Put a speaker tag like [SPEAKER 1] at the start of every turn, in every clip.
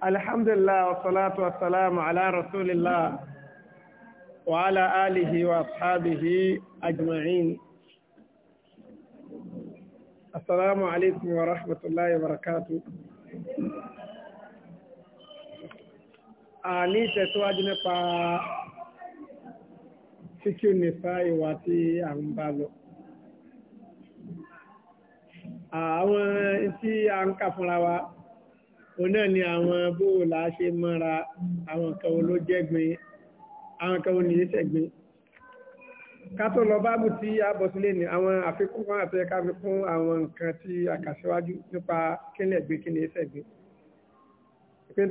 [SPEAKER 1] alhamdulillah wasalatu wasalamu ala rasulillah wa ala alihi wa ashabihi ajma'in assalamu alaikum wa rahmatullahi wa barakatuh a ní ìtẹ̀síwájú nípa fíkí nípa ìwà tí a ń bá lọ àwọn tí a ń kà fúnra wa òun náà ni àwọn bóòlà ṣe mọ́ra àwọn kan ló jẹ́gbin àwọn kan ní ìṣẹ́gbin ká tó lọ báàbù tí a bọ̀ sílé ni àwọn àfikún kan àti ẹ̀ka fi àwọn nǹkan tí a kà síwájú nípa kílẹ̀ gbé kí ni ìṣẹ́gbin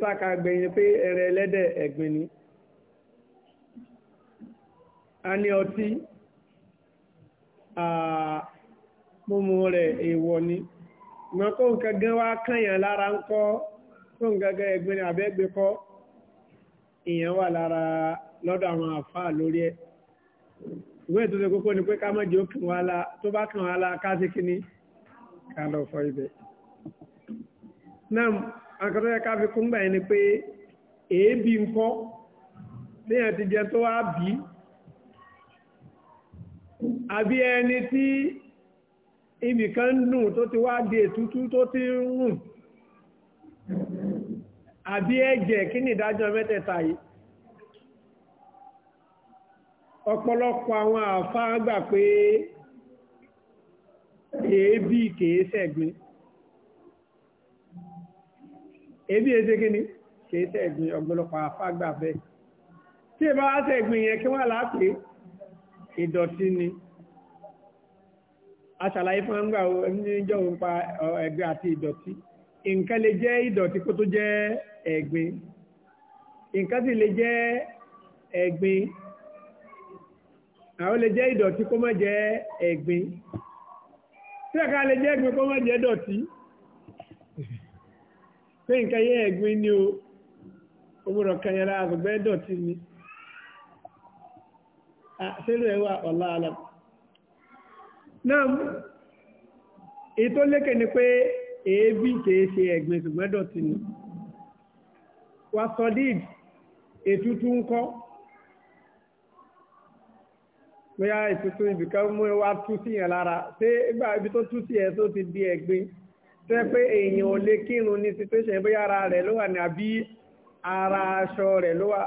[SPEAKER 1] pé gbẹ̀yìn pé ẹrẹ ẹlẹ́dẹ̀ ẹ̀gbin ni a ní ọtí mímu rẹ̀ èèwọ̀ ni ìmọ̀kó nǹkan gan wá kànyàn lára ń kọ́ tó ń gẹ́gẹ́ ẹgbẹ́ ní abẹ́gbẹ́ kọ́ ìyẹn wà lára lọ́dọ̀ àwọn àfáà lórí ẹ̀ ìwé ìtúnṣe kókó ni pé ká mọ̀ jẹ́ ó kàn wá la tó bá kàn wá la ká sí kíní ká lọ fọ ibẹ̀. náà àkàtọ́ yẹ ká fi kún gbà yẹn ni pé èébì ń kọ́ léèyàn ti jẹ tó wá bì í àbí ẹni tí ibì kan ń dùn tó ti wá di ètútú tó ti ń rùn àbí ẹ̀jẹ̀ kí ni ìdájọ́ mẹ́tẹ̀ẹ̀ta yìí ọ̀pọ̀lọpọ̀ àwọn àfáà gbà pé èébì kìí ṣẹ̀gbin èébì èsè kí ni kìí ṣẹ̀gbin ọ̀pọ̀lọpọ̀ àfáà gbà bẹ́ẹ̀ tí ẹ bá wá ṣẹ̀gbin yẹn kí wọ́n láti ìdọ̀tí ni aṣàlàyé fún ọgbà pa ẹ̀gbin nǹkan sì lè jẹ́ ẹ̀gbin àwọn lè jẹ́ ìdọ̀tí kó má jẹ́ ẹ̀gbin tí lè jẹ́ ẹ̀gbin kó má jẹ́ dọ̀tí pé nǹkan yẹ ẹ̀gbin ni o òmùrọ̀ kan yẹra àgbẹ̀ dọ̀tí ni sílù ẹ̀ wà ọ̀la àlà náà lékè ni pé ni. wa sọdíd ètùtù ń kọ́ bóyá ètùtù ibìkan mú wa tú sí yẹn lára ṣé ìgbà ibi tó tú sí yẹn tó ti di ẹ̀gbin tó yẹ pé èèyàn ò lè kírun ní situation bóyá ara rẹ̀ ló wà ní àbí ara aṣọ rẹ̀ ló wà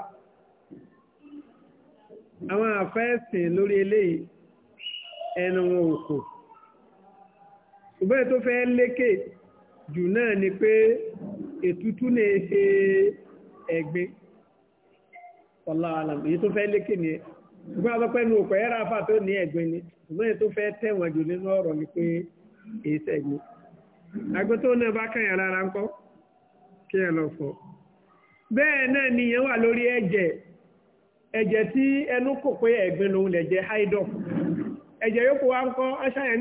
[SPEAKER 1] àwọn àfẹ́sìn lórí eléyìí ẹnu wọn ò tó fẹ́ lékè jù náà ni pé ètùtù lè ṣe ẹgbẹ́ ọláàlàm èyí tó fẹ́ lékè ní ẹ ṣùgbọ́n àbẹ́pẹ́ ní òkò ẹ̀rọ afá tó ní ẹ̀gbẹ́ ni ṣùgbọ́n èyí tó fẹ́ tẹ̀wọ̀n jù nínú ọ̀rọ̀ ni pé èyí sẹ́gbẹ́ àgbẹ̀ tó náà bá kàn lọ fọ bẹ́ẹ̀ náà ni wà lórí ẹ̀jẹ̀ ẹ̀jẹ̀ tí ẹnu kò pé ẹ̀gbẹ́ lòun lè jẹ́ ẹ̀jẹ̀ wa aṣáyẹn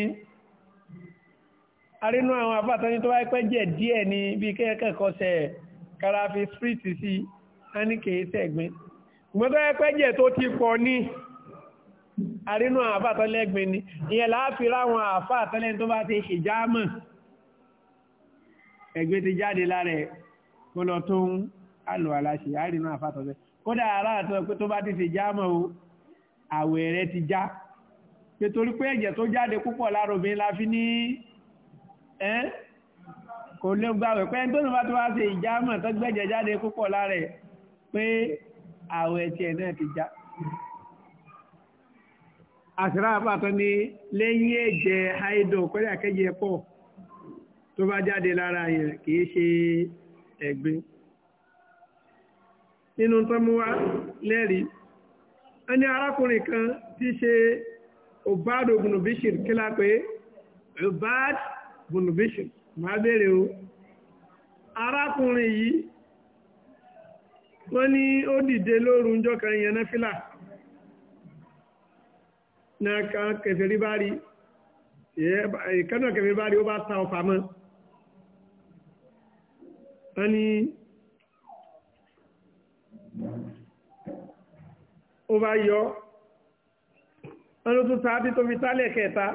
[SPEAKER 1] ní arínú àwọn àbátan ní tó wáyé pẹ́ jẹ́ díẹ̀ ní bí kẹ́kẹ́kọ́ sẹ̀ karafi spiriti sí a ní kèé sẹ̀gbin ṣùgbọ́n tó wáyé pẹ́ jẹ́ tó ti pọ̀ ní arínú àwọn àbátan lẹ́gbin ni ìyẹn láàfi ráwọn àfáàtán lẹ́ni tó bá ti ṣe jámọ̀ ẹ̀gbẹ́ ti jáde lára ẹ̀ kó lọ tó ń alò ẹ́n kò lè gbàwẹ̀ pé tó nípa tó wá sí ìjámọ̀ tó gbẹ̀jẹ̀ jáde púpọ̀ lára ẹ̀ pé àwẹ̀ tiẹ̀ náà ti já àṣírá àpàtọ́ ni lẹ́yìn ẹ̀jẹ̀ haido kọ́lẹ̀ àkẹ́jẹ̀ pọ̀ tó bá jáde lára yẹn kìí ṣe ẹ̀gbin nínú tó mú wá arákùnrin kan tí ṣe Ubad ibn Bishir kí lápé Ubad bunubishim máa bèèrè o arákùnrin yìí wọ́n ní ó dìde lóru ńjọ́ kan yẹn náfìlà náà kan kẹfẹ́rí bá rí ìkànnà kẹfẹ́rí bá rí ó bá ta ọ̀fà mọ́ wọ́n ní ó bá yọ wọ́n ló tún ta tó fi tálẹ̀ kẹta.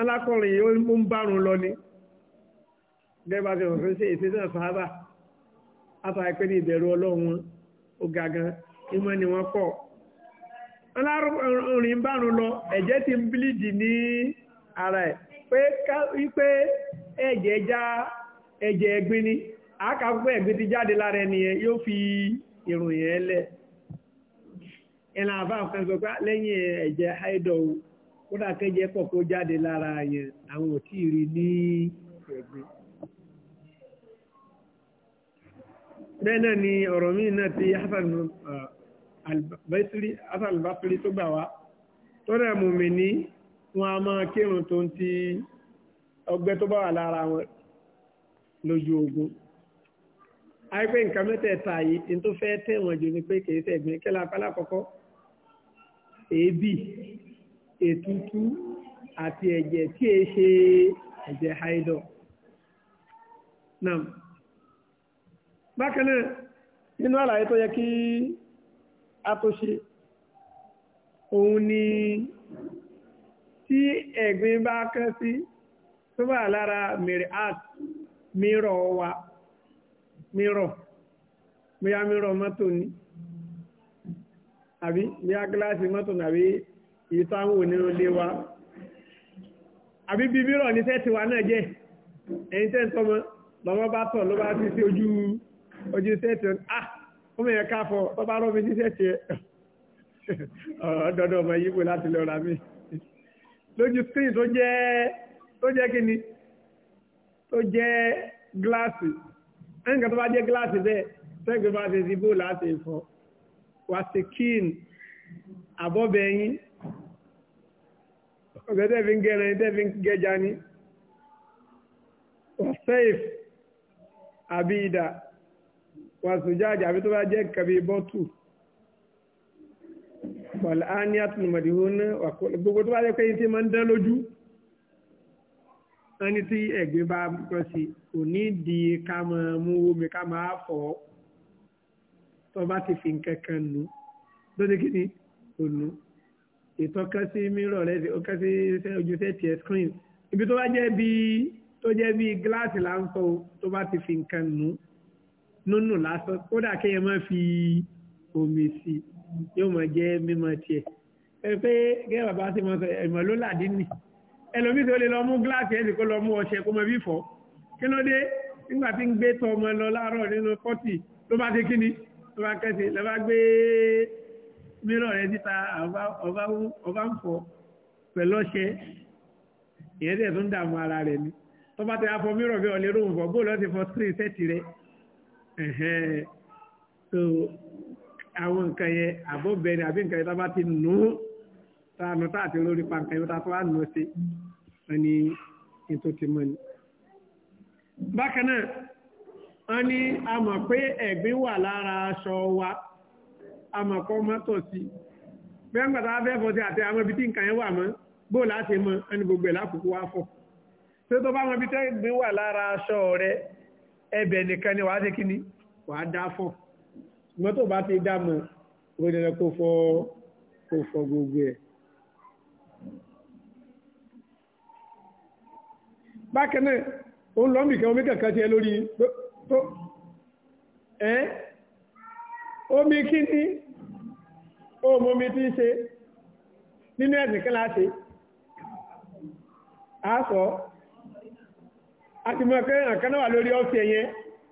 [SPEAKER 1] alákọ̀rin yìí ó ń bárun lọ ni gẹ́gbà tí òfin ṣe èsì náà sáábà afáà pé ní ìbẹ̀rù ọlọ́run ó ga gan ìmọ̀ ni wọ́n pọ̀ alárin bárun lọ ẹ̀jẹ̀ ti ń bílíìdì ní ara ẹ̀ pé wípé ẹ̀jẹ̀ já ẹ̀jẹ̀ ẹ̀gbin ni ẹ̀gbin ti jáde lára ẹni yẹn yóò fi lẹ̀ kódà kẹjẹ pọ̀ kó jáde lára yẹn àwọn ò tí ì rí ní ẹ̀gbin. bẹ́ẹ̀ náà ni ọ̀rọ̀ míì náà ti uh, hasan albasiri tó gbà wá tọ́lá mùmí ní wọn a máa kírun tó ń ti ọgbẹ́ tó bá wà lára wọn lójú ogun àìpé nǹkan mẹ́tẹ̀ẹ̀ta yìí ní tó fẹ́ tẹ̀wọ̀n jù ni pé kì í ṣẹ̀gbin kí lákọ̀ọ́kọ́ èébì ètútú àti ẹ̀jẹ̀ tí è ṣe ẹ̀jẹ̀ haidọ̀. Nam. Bákan náà, nínú àlàyé tó yẹ kí a tó ṣe, òun ni tí ẹ̀gbin bá kán sí tó bá lára mèrè art mírọ̀ wa mírọ̀ bóyá mírọ̀ mọ́tò ni àbí bóyá gíláàsì mọ́tò ni àbí èyí tó àwọn onírò lé wa àbí bí mírọ̀ ní sẹ́ẹ̀tì wa náà jẹ́ ẹ̀yìn tẹ́ ń tọ́mọ bá tọ̀ ló bá ti sí ojú ojú sẹ́ẹ̀tì ah ọmọ yẹn káfọ́ tó bá rọ́ọ̀mí sí sẹ́ẹ̀tì ọ̀rọ̀ dọ́dọ̀ ọmọ yíbo láti lọ ra lójú screen tó jẹ́ tó jẹ́ kí tó jẹ́ gíláàsì ẹnìkan tó bá jẹ́ gíláàsì bẹ́ẹ̀ sẹ́gbẹ̀ẹ́ bá ti di bó láti fọ́ wàsíkìn àbọ̀bẹ̀yìn ọ̀gá tẹ́fí ń gẹ́rẹ́ ní tẹ́fí ń gẹ́ja ní wàsẹ́ìf àbí ìdà wàsùjáàjà àbí tó bá jẹ́ kàbí bọ́tù wàlá á ní àtúnumọ̀dìhún gbogbo tó bá jẹ́ pé tí máa ń dán lójú ẹni tí ẹ̀gbin bá pọ̀ sí kò ní di ká máa mú omi ká máa fọ̀ ọ́ ti fi nǹkan kan nù lóde kí ni ìtàn kan sí mírọ̀ rẹ ó kán sí ojú sẹ́ẹ̀tì ẹ̀ screen ibi tó bá jẹ́ bí tó jẹ́ bí gíláàsì là ń sọ tó bá ti fi nǹkan nù nùnù lásán kódà kéèyàn má fi omi sí yóò máa jẹ́ mímọ tiẹ̀ ẹ pé gẹ́gẹ́ bàbá ti mọ sọ ẹ̀mọ́ ló làdí nì ẹlòmíì tó lè lọ mú gíláàsì ẹ̀ sì kó lọ mú ọṣẹ kó mọ bí fọ́ kí ló dé nígbà tí ń gbé tọ́ ọmọ lọ láàárọ̀ nínú pọ́tì ló bá ti kíni ló bá kẹ́sì ló bá gbé mírọ̀ rẹ̀ síta ọba ń fọ pẹ̀lú ọṣẹ ìyẹn tẹ̀ tó ń dààmú ara rẹ̀ ni tó bá tẹ afọ mírọ̀ bí ọlẹ́ ròhùn fọ bóòlù ọ̀sẹ̀ fọ screen sẹ́ẹ̀tì rẹ̀ so àwọn nǹkan yẹn àbọ̀bẹ̀ni àbí nǹkan yẹn tá bá ti nù ú tá a nù tá àti lórí pa yẹn tá tó wá nù ú sí wọn ni ètò ti mọ ni. bákan náà wọn ní a mọ̀ pé ẹ̀gbin wà lára aṣọ wa àmọ̀kọ́ mọ́tọ̀ sí bẹ́ẹ̀gbàtà afẹ́fọ́ sí àti àwọn ibi tí nǹkan yẹn wà mọ́ bó láti mọ́ ẹni gbogbo ẹ̀ lákòókò wá fọ̀ tó tó bá wọn ibi tẹ́gbé wà lára aṣọ rẹ ẹbẹ̀ nìkan ni wàá ṣe kí ni wàá dá fọ̀ ṣùgbọ́n tó bá ti dá mọ́ òdìrẹ kò fọ kò fọ gbogbo ẹ̀. bákan náà ó ń lọ́mì kan omi kankan tiẹ̀ lórí tó omi kí ó mọ́mí tí ń ṣe nínú ẹ̀sìn kí láti àásọ̀ àti mọ̀ kẹ́ ẹ̀kan náà wà lórí ọ́fì ẹ̀yẹ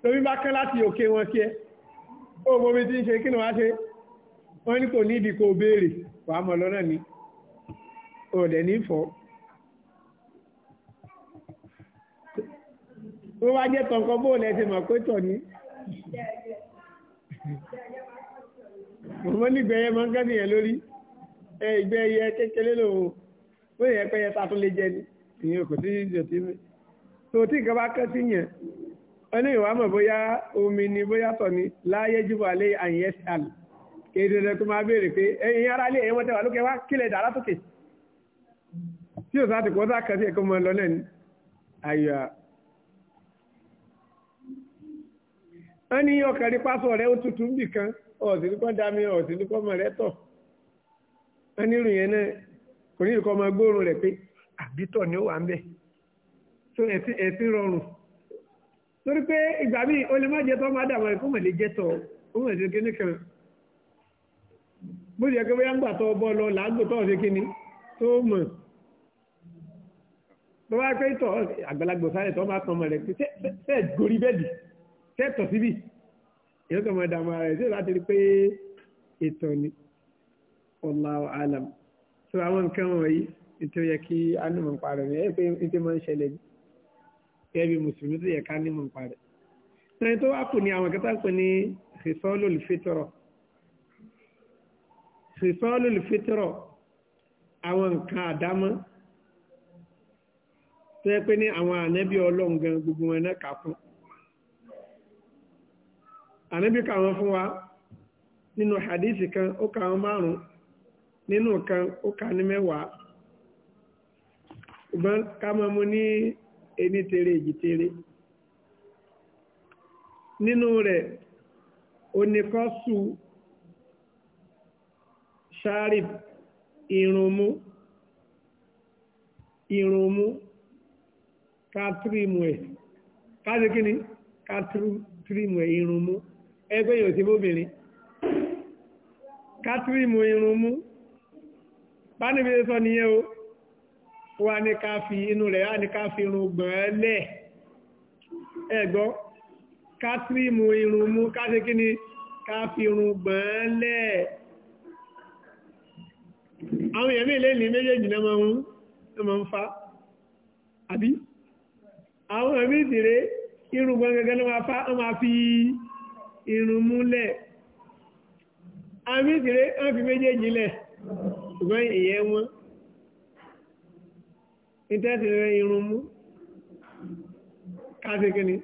[SPEAKER 1] lórí bá kẹ́ láti òkè wọn sí ẹ ó mọ́mí tí ń ṣe kí ni wá ṣe wọ́n ní kò nídìí kò béèrè wà á mọ̀ lọ́nà ni ò ní fọ́ ó wá jẹ́ tọ̀ǹkan bóòlù ẹ̀ mọ̀ pé tọ̀ ní mọ̀mọ́ nígbẹ̀yẹ máa ń gẹ́sì yẹn lórí ìgbẹ́yẹ kékeré lòun ó yẹ pé yẹn sàtún lè jẹ ni ìyẹn kò sí ìjọtí mi tó tí nǹkan bá kẹ́ sí yẹn ẹni ìwà mọ̀ bóyá omi ni bóyá tọ̀ ni láyé jùbọ̀ alẹ́ àyẹ̀ sàl kéde rẹ tó máa béèrè pé ẹ̀yin ara lé ẹ̀yin wọ́n tẹ̀wà lókè wá kílẹ̀ dàrá sókè tí o sáà ti kọ́ sáà kẹ́sí ẹ̀kọ́ mọ́ ẹni ọkàn rí pásọ̀ rẹ ó tutù ń bì kan ọ̀sìn ní kọ́ dami ọ̀sìn ní kọ́ mọ̀ rẹ tọ̀ wọ́n ní ìròyìn náà kò ní ìkọ́ ọmọ gbóòórùn rẹ̀ pé àbítọ̀ ni ó wà ń bẹ̀ so ẹ̀sìn rọrùn torí pé ìgbà míì o lè má jẹ́ tọ́ má dàmọ́ rẹ̀ kó mọ̀ lè jẹ́ tọ̀ ó mọ̀ lè kíní kan bó jẹ́ pé bóyá ń gbà tọ́ bọ́ lọ làágbò tọ́ ṣe kíní tó mọ̀ tó bá pé tọ́ àgbàlagbò sáré tọ́ má tọ́ mọ̀ rẹ̀ pé sẹ́ẹ̀ gorí bẹ́ẹ̀dì sẹ́ẹ̀ tọ̀ síbi yóò kàn máa dààmú ara rẹ̀ sí láti rí pé ìtàn ni wallahu alam so àwọn nǹkan wọ̀nyí nítorí yẹ kí á ní mọ̀ nípa rẹ̀ ní ẹ̀ pé ní ti máa ń ṣẹlẹ̀ ní gẹ́gẹ́ bí mùsùlùmí tó yẹ ká ní mọ̀ nípa rẹ̀ náà tó wá kù ní àwọn kẹta pé ní khisalul fitra khisalul fitra àwọn nǹkan àdámọ́ tó yẹ pé ní àwọn ànábì ọlọ́run gbogbo wọn náà kà fún ànábì kà wọ́n fún wa nínú hadith kan ó kà wọ́n márùn nínú kan ó kà ní mẹ́wàá ṣùgbọ́n ká mọ́ mú ní ẹni tèrè èjìtèrè nínú rẹ̀ oníkọ́sù sharib irunmu irunmu katrimu ẹ̀ káàdé kí ni katrimu ẹ̀ irunmu. ẹgbẹ́ yóò ti bóbìnrin kátírì mú irun mú bá níbi sọ nìyẹn o wà ní ká fi inú rẹ̀ wà ní ká fi irun gbọ̀n ẹ́ lẹ̀ ẹ̀gbọ́ kátírì mú irun mú káṣe kí ni ká fi irun gbọ̀n lẹ̀ àwọn èèyàn mélòó ní méjèèjì náà máa ń fa àbí àwọn èèyàn méjì rèé irun gbọ̀n gẹ́gẹ́ ló máa fa ó máa fi í irun múlẹ̀ àmì ìsìnrẹ́ wọ́n fi méjèèjì lẹ̀ ṣùgbọ́n ìyẹ́ wọn ìtẹ́sìnrẹ́ irun mú káṣekíní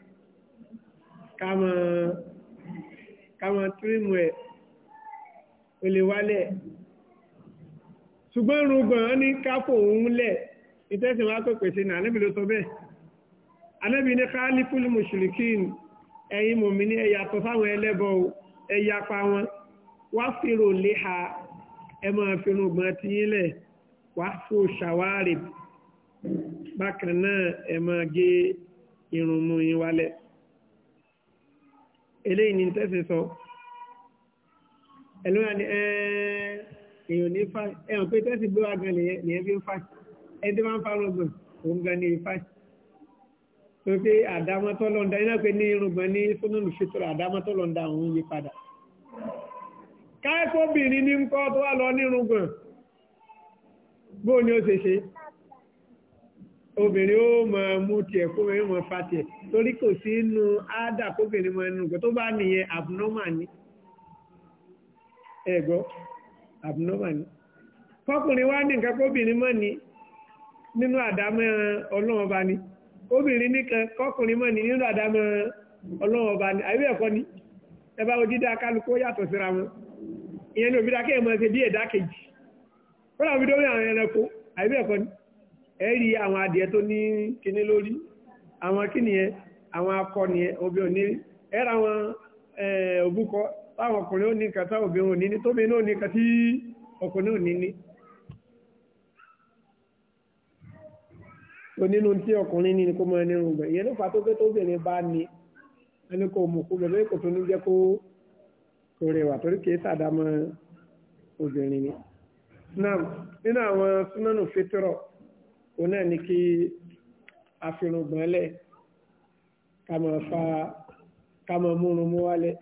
[SPEAKER 1] káàmọ̀ tírímù ẹ̀ olè wálẹ̀ ṣùgbọ́n irun gbọ̀n ní kápò òun lẹ̀ ìtẹ́sìnwá pẹ̀pẹ̀ sí ní ànábì ló sọ bẹ́ẹ̀ ànábì ní káálífúlù mùṣùlùkín ẹ̀yin mòmí ní ẹ̀yàtọ̀ sáwọn ẹlẹ́bọ̀ o ẹ̀yàpa wọn wá fèrò léha ẹ máa fèrò gbọ́n ti yín lẹ̀ wá fò ṣàwárì bákan náà ẹ máa gé irun mú yín wálẹ̀ eléyìí ni tẹ́sí sọ ẹlòmíràn ni èèyàn ní fà ẹ̀hàn pé tẹ́sí gbé wa gan lèyẹn fi ń fà ẹ̀ tí wọ́n ń fa ọgbọ̀n òun gan ni ìfà pé àdámọ́tọ́ lọ́ndà iná pé ní irùngbọ̀n ní sónúlù fìtọ́rọ̀ àdámọ́tọ́ lọ́ndà òun yí padà káàkóbìnrin ní ń kọ́ tó wà lọ ní irùngbọ̀n bóò ni ó ṣe ṣe obìnrin ó mọ̀ mú tiẹ̀ kó mọ̀ mọ̀ fa tiẹ̀ torí kò sí inú ádà kóbìnrin mọ̀ ẹnu nǹkan tó bá nìyẹn abnormal ni ẹ̀gọ́ abnormal ni kọkùnrin wá ní nǹkan kóbìnrin mọ̀ ni nínú àdámọ́ ọlọ́run bá ni. obìnrin nìkan kọkùnrin mọ́ ni nínú àdámọ́ ọlọ́run ọba ni àbí ẹ̀kọ́ ni ẹ bá wo dídá kálukú yàtọ̀ síra wọn ìyẹn ní òbídá kéèmọ ṣe bí ẹ̀dá kejì fúnra òbí dórí àwọn ẹranko àbí ẹ̀kọ́ ni ẹ rí àwọn adìẹ tó ní lórí àwọn àwọn akọ obì òní ẹ òbúkọ ọkùnrin tóbi ní ọkùnrin so nínú tí ọkùnrin ní ni kó mọ ẹni rúgbẹ ìyẹn ló fà tó pé tó bẹ̀rẹ̀ bá ní ẹni kò mú kó bẹ̀rẹ̀ kò tó ní jẹ́ kó kò rẹwà torí kìí sàdámọ́ obìnrin ni. náà nínú àwọn súnmọ́nù fétírọ̀ òun náà ni kí afirùngbọ̀nlẹ̀ ká fa ká máa múrun mú wálẹ̀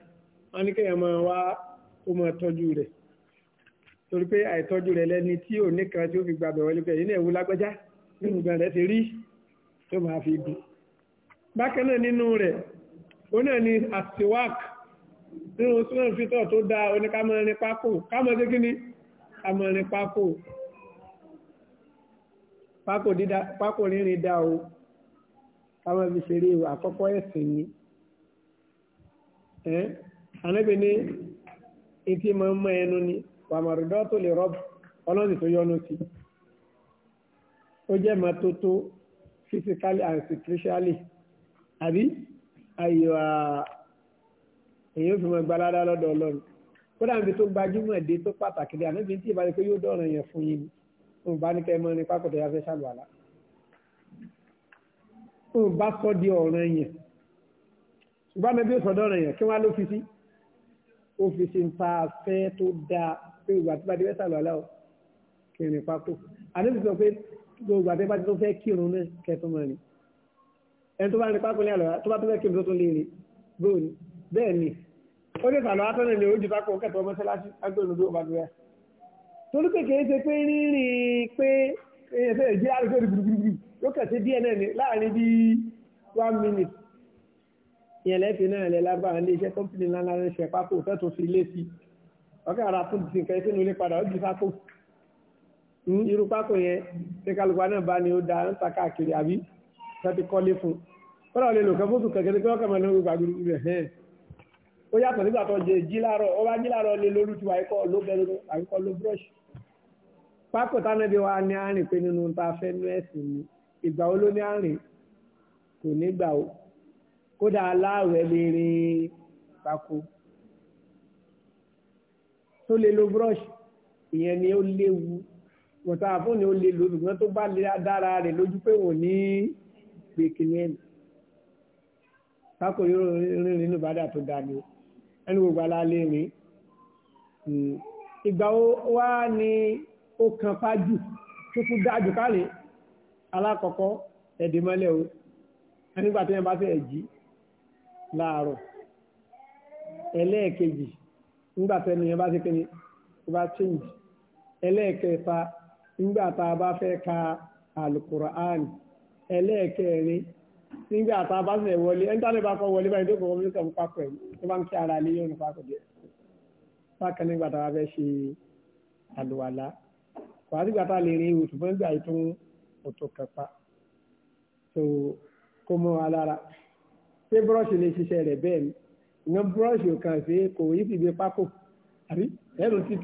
[SPEAKER 1] wọ́n ní kéèyàn máa wá kó máa tọ́jú rẹ̀ torí pé àìtọ́jú rẹ̀ lẹ́ni tí ò ní kan tí ó fi gbàgbẹ́ wọlé pé ẹ̀yìn náà ewu lágbájá nínú bẹ̀rẹ̀ ti rí tó máa fi gùn bákan náà nínú rẹ̀ ó náà ni àtiwák nínú súnà fítọ̀ tó dá oníkámọ́rin pákó kámọ́sí kí ni kámọ́rin pákó pákó rírin dá o kámọ́ fi ṣeré àkọ́kọ́ ẹ̀sìn ni ẹ́ anábì ní etí mọ́ mọ́ ẹnu ni wàmọ̀rọ̀dọ́ tó lè rọ́bù ọlọ́sìn tó yọnu sí i ó jẹ́ mọ́tótó physically and spiritually àbí ayọ̀ èyàn fi mọ̀ gbalada lọ́dọ̀ ọlọ́run kódà níbi tó gbajúmọ̀ dé tó pàtàkì dé ànábi tí ìbáraẹni pé yóò dọ̀ràn yẹn fún yín òun bá ní kẹ́ mọ́ ní pákòtò yá fẹ́ ṣàlùwàlá òun bá sọ di ọ̀ràn yẹn ṣùgbọ́n ànábi ó sọ dọ̀ràn yẹn kí wọ́n á ló fi sí ó nta fẹ́ tó dáa pé ìgbà tó bá di fẹ́ ṣàlùwàlá o kìrìn pákó ànábi sọ pé gbogbo àti bá ti tó fẹ́ kírun náà kẹtọ́ mọ́ ni ẹni tó bá ní pákúnlẹ̀ àlọ́wà tó bá tó fẹ́ kírun tó tún lè rí bóòní bẹ́ẹ̀ ni ó lè tàlọ́ àtọ́nà ní ojú pákó kẹtọ́ mọ́sálásí agbóhùn tó bá tó yá torí pé kìí ṣe pé rírìn pé ẹ̀fẹ́ ìjẹ́ àrùkọ́ rí gbùgbùgbù ló kẹ̀sí díẹ̀ náà ní láàrin bí one minute ìyẹn lẹ́fẹ̀ẹ́ náà lẹ́ lágbára ilé iṣẹ́ kọ́mpìnì ńlá ńlá ń ṣe pákó fẹ́ tó fi lé sí ọkẹ́ ara fún ti nǹkan ẹ̀sìn nílé padà ó Hmm, irú pákó yẹn tí kálukwa náà bá ní ó da ń ta káàkiri àbí láti kọ́lé fún kọ́lá lè lò kan fóòtù kẹ̀kẹ́ pé ọkọ̀ mẹ́lẹ́ gbogbo àgbèrè ibẹ̀ hẹ́n ó yàtọ̀ nígbà tó jẹ jí láàárọ̀ ó bá jí láàárọ̀ lé lórí tiwa ikọ̀ ló bẹ̀rẹ̀ àbíkọ́ ló búrọ́ọ̀ṣì pákó táná bí wa ní àárín pé nínú ta fẹ́ nú ẹ̀sìn ni ìgbà wo ló ní àárín kò ní gbà ó kódà aláàwẹ̀ lè rin pákó tó lè lo búrọ́ọ̀ṣì ìyẹn ni ó léwu mọ̀tà ni ó lè lò ṣùgbọ́n tó bá lè dára rẹ̀ lójú pé wọ́n ní gbèkìní ẹ̀ kákòrí rìnrìn nínú bàdà tó dáa ni ẹni gbogbo ala rìn hmm. ìgbà wa ni ó kan fájù tuntun dájú káre alákọ̀ọ́kọ́ ẹ̀dìmọ́lẹ̀ o nígbà tí wọ́n bá fẹ́ jí láàárọ̀ ẹlẹ́ẹ̀kejì nígbà tí wọ́n bá fẹ́ kíni tó bá change ẹlẹ́ẹ̀kẹta nígbà tá a bá fẹ́ ka alukur'an ẹlẹ́ẹ̀kẹrin nígbà tá a bá fẹ́ wọlé ẹni táwọn bá kọ́ wọlé báyìí tó kọ́ wọlé kàn pápọ̀ ẹ̀ tó bá ń kí ara lé yóò ní pápọ̀ díẹ̀ bákan nígbà tá a fẹ́ ṣe àlùwàlá kò àdìgbà tá lè rí ìwòsàn fún ìgbà ìtún òtò kẹpa tó kó mọ́ wa lára pé búrọ́ọ̀ṣì lè ṣiṣẹ́ rẹ̀ bẹ́ẹ̀ ni ìyẹn búrọ́ọ̀ṣì ò kàn sí kò yí ti ẹ̀rù ti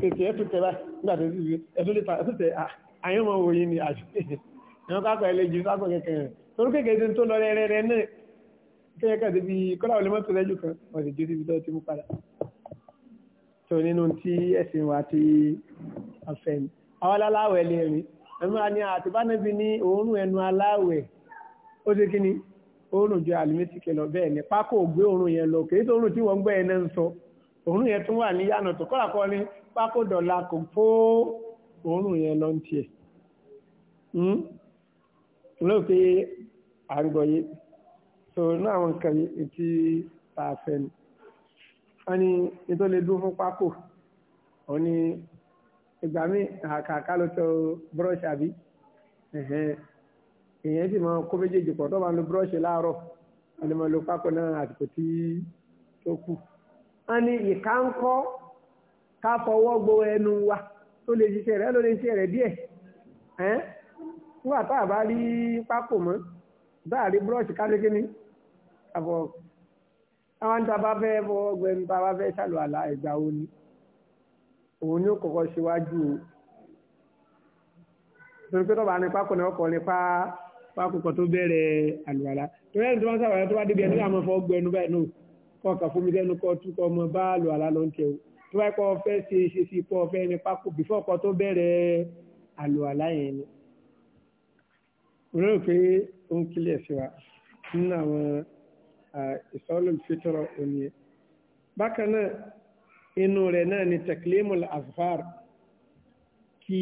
[SPEAKER 1] tètè ẹ̀tù tẹ̀ báyìí nígbà tó ti ẹ̀tù lè ta ẹ̀tù tẹ̀ àyàn mọ̀ wòye ni àti ẹ̀wọ̀n kápẹ̀ ẹ̀lẹ́ jù sápẹ̀ kẹ̀kẹ́ rẹ̀ torí kékeré tó lọ rẹ̀ rẹ̀ náà kẹ́yẹ kẹ́ síbi kọ́lá olè mọ́tò lẹ́jù kan wọ́n sì ju síbi tó ti mú padà tó nínú tí ẹ̀sìn wa ti afẹ́ mi àwọn aláwẹ̀ lè rí ẹnu àní àtibánibí ní òórùn ẹnu aláwẹ̀ ó ṣe kí ni òórùn ju àlùmísìkì lọ bẹ́ẹ̀ ni pákó ògbé òórùn yẹn lọ kèé tó òórùn tí wọ́n gbẹ́ ẹ̀ náà ń sọ òórùn yẹn tún wà ní yànà tó kọ́lá kọ́ ní pákódọ̀là kò fó òórùn yẹn lọ tiẹ̀ ló hmm? pé àrùgbọ̀yé so ní àwọn nǹkan yìí tí ta fẹ́ ni wọ́n ní ètò lè dún fún pákó wọ́n ní ìgbà míì àkàkà ló tọ búrọ́ọ̀ṣì àbí èèyàn sì máa kó méjèèjì pọ̀ tó máa lo búrọ́ọ̀ṣì láàárọ̀ wọ́n máa lo pákó náà àsìkò tí tó kù wọ́n ní ìka ń kọ́ ká fọwọ́ gbo ẹnu wa tó lè ṣiṣẹ́ rẹ̀ ló lè ṣiṣẹ́ rẹ̀ díẹ̀ ẹ́n nígbà tá a bá rí pákó mọ́ bá a rí búrọ́ọ̀ṣì ká lékè ní àbọ̀ àwọn tá a fẹ́ fọwọ́ gbo ẹnu tá fẹ́ ṣàlù àlà ìgbà wo ni òun ni ó kọ́kọ́ ṣíwájú o torí pé tọ́ba ní pákó ni ọkọ̀ ní pákó kan tó bẹ̀rẹ̀ àlùwàlà torí ẹni tó bá ń sàwàlà tó bá débi kọ̀ọ̀kan fún mi lẹ́nu kọ́ tú kọ́ ọmọ bá lò àlá lọ́n tẹ̀ o tó bá kọ́ fẹ́ ṣe ṣe sí kọ́ fẹ́ ní pákó bífọ́ kọ́ tó bẹ̀rẹ̀ àlò àlá yẹn ni. rẹ́ pé ó ń kílẹ̀ sí wa nínú àwọn ìsọ́lùm fìtọ́rọ̀ òní yẹn. bákan náà inú rẹ̀ náà ni tẹ̀kílẹ́mùl azfar kí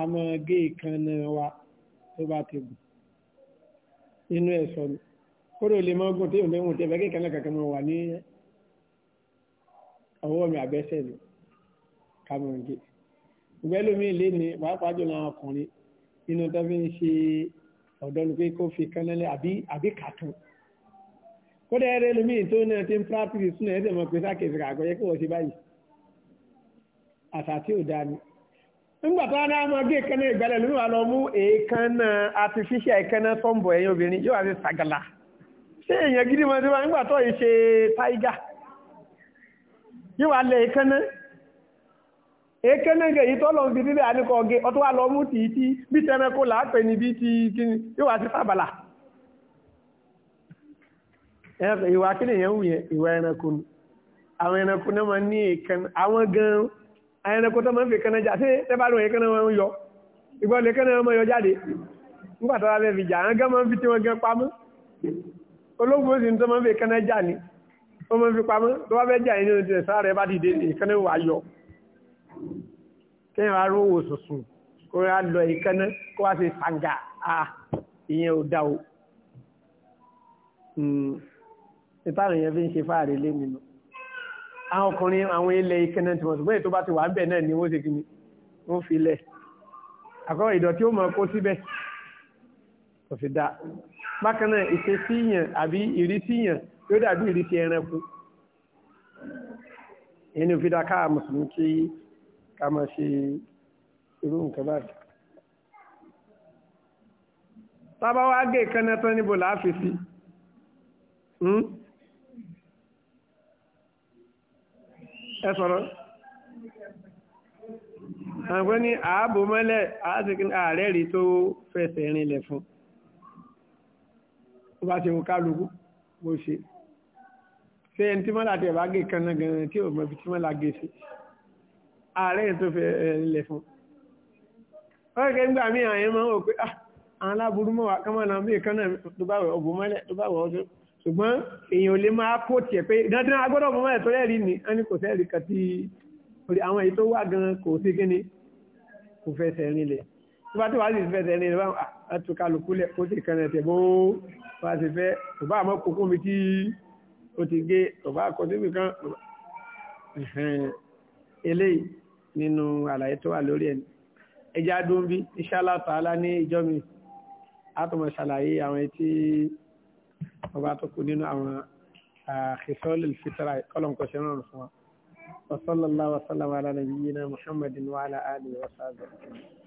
[SPEAKER 1] a gé ìkànnà wa tó bá ti gùn inú ẹ̀ sọ̀rọ̀ kóró ilé mọ́gùn tí òun léwùn tí ẹ̀fẹ́ kékeré kankan mọ́ wà ní ọwọ́ mi àbẹ́sẹ̀ mi kàmọ̀ǹgé ìgbẹ́ lómi ilé ni pàápàá jùlọ àwọn ọkùnrin inú tó fi ń ṣe ọ̀dọ́ ni pé kó fi kánálẹ̀ àbí kàtún kódà ẹ̀rẹ́ lómi tó náà ti ń pírátìsì súnà ẹ̀sẹ̀ mọ̀ pé sákèsì kàkọ́ yẹ kí wọ́n ṣe báyìí àṣà tí ò dáa ni nígbà tó wọn máa gé èékánná ìgbàlẹ̀ lómi wà lọ mú èékánná artificial èékánná tọ́ǹbọ̀ ẹ̀yìn obìnrin yóò ṣé èèyàn gidi mọ́ ẹ̀dọ́wà nígbà tó yìí ṣe tiger yíwà lẹ èékánná èékánná gẹ̀ yìí tọ́lọ̀ ń fi nílẹ̀ àníkọ̀ ọ̀gẹ̀ ọtọ́ wa lọ mú tìí tí bí tẹranko làápẹ̀ níbi tí kíni yíwà sí fàbàlà ìwà kíni yẹn ń wù yẹn ìwà ẹranko ni àwọn ẹranko náà máa ní èékánná àwọn gan ẹranko tó máa ń ológun oṣù tó máa ń fi kánná jà ní ó máa ń fi pamọ́ tó bá fẹ́ jà ní oṣù sáà rẹ̀ bá dìde ìkánná wà yọ kéèyàn wá rówó sùsùn kó wá lọ ìkánná kó wá ṣe fàǹgà à ìyẹn ò dá o ìtàn hmm. èèyàn fi ń ṣe fáàrí lé nínú àwọn ọkùnrin àwọn ilẹ̀ ìkánná tí wọ́n sọ bẹ́ẹ̀ tó bá ti wà ń bẹ̀ náà ni wọ́n ṣe kí ni wọ́n fi lẹ̀ àkọ́kọ́ ìdọ̀tí ó mọ̀ kó síbẹ̀ kò fi dá bákan náà ìṣesí yàn àbí ìrísí yàn yóò dàbí ìrísí ẹranko ẹni òfin dá káà mùsùlùmí kí ká máa ṣe irú nǹkan báyìí tábà wá gé ìkànnà tán níbo láàfin sí hmm? ẹ sọ̀rọ̀ àwọn ní ààbò mọ́lẹ̀ ààrẹ rí tó fẹsẹ̀ rinlẹ̀ fún un ó bá ṣe wò kálukú bó ṣe ṣé ẹni tí mọ́lá tẹ̀ bá gé kan náà gan-an tí ò mọ ibi tí mọ́lá gé sí ààrẹ tó fẹ́ ẹ̀lẹ̀ fún ọ̀rẹ́kẹ́ nígbà mí àyẹ́ máa ń wò pé ah, àwọn aláburú mọ́wàá kan mọ́nà bí kan náà ọ̀bùn mọ́lẹ̀ tó bá wẹ̀ ọdún ṣùgbọ́n èèyàn lè máa kó tiẹ̀ pé dandan agbọ́dọ̀ ọ̀bùn mọ́lẹ̀ tó rẹ́ẹ̀rí ni a ní kò sẹ́ẹ̀rí kan tí àwọn èyí tó wà gan kò sí kíni kò fẹsẹ̀ rinlẹ̀ tó bá tó wá sí fẹ́ tẹ́lẹ̀ bá a tó kálukú lẹ̀ kó sì kan ẹ̀ tẹ̀ bó wá sí fẹ́ tó bá àmọ́ kókó mi tí ó ti gé tó bá kọ́ síbi kan eléyìí nínú àlàyé tó wà lórí ẹni ẹjá dún bí inshallah ta'ala ní ìjọ mi átùmọ̀ ṣàlàyé àwọn tí ọba tó kú nínú àwọn àkìsọ́lù fitra kọlọ̀nkọ̀ ṣe rọrùn fún wa wa sallallahu wa sallama ala nabiyyina muhammadin wa ala alihi wa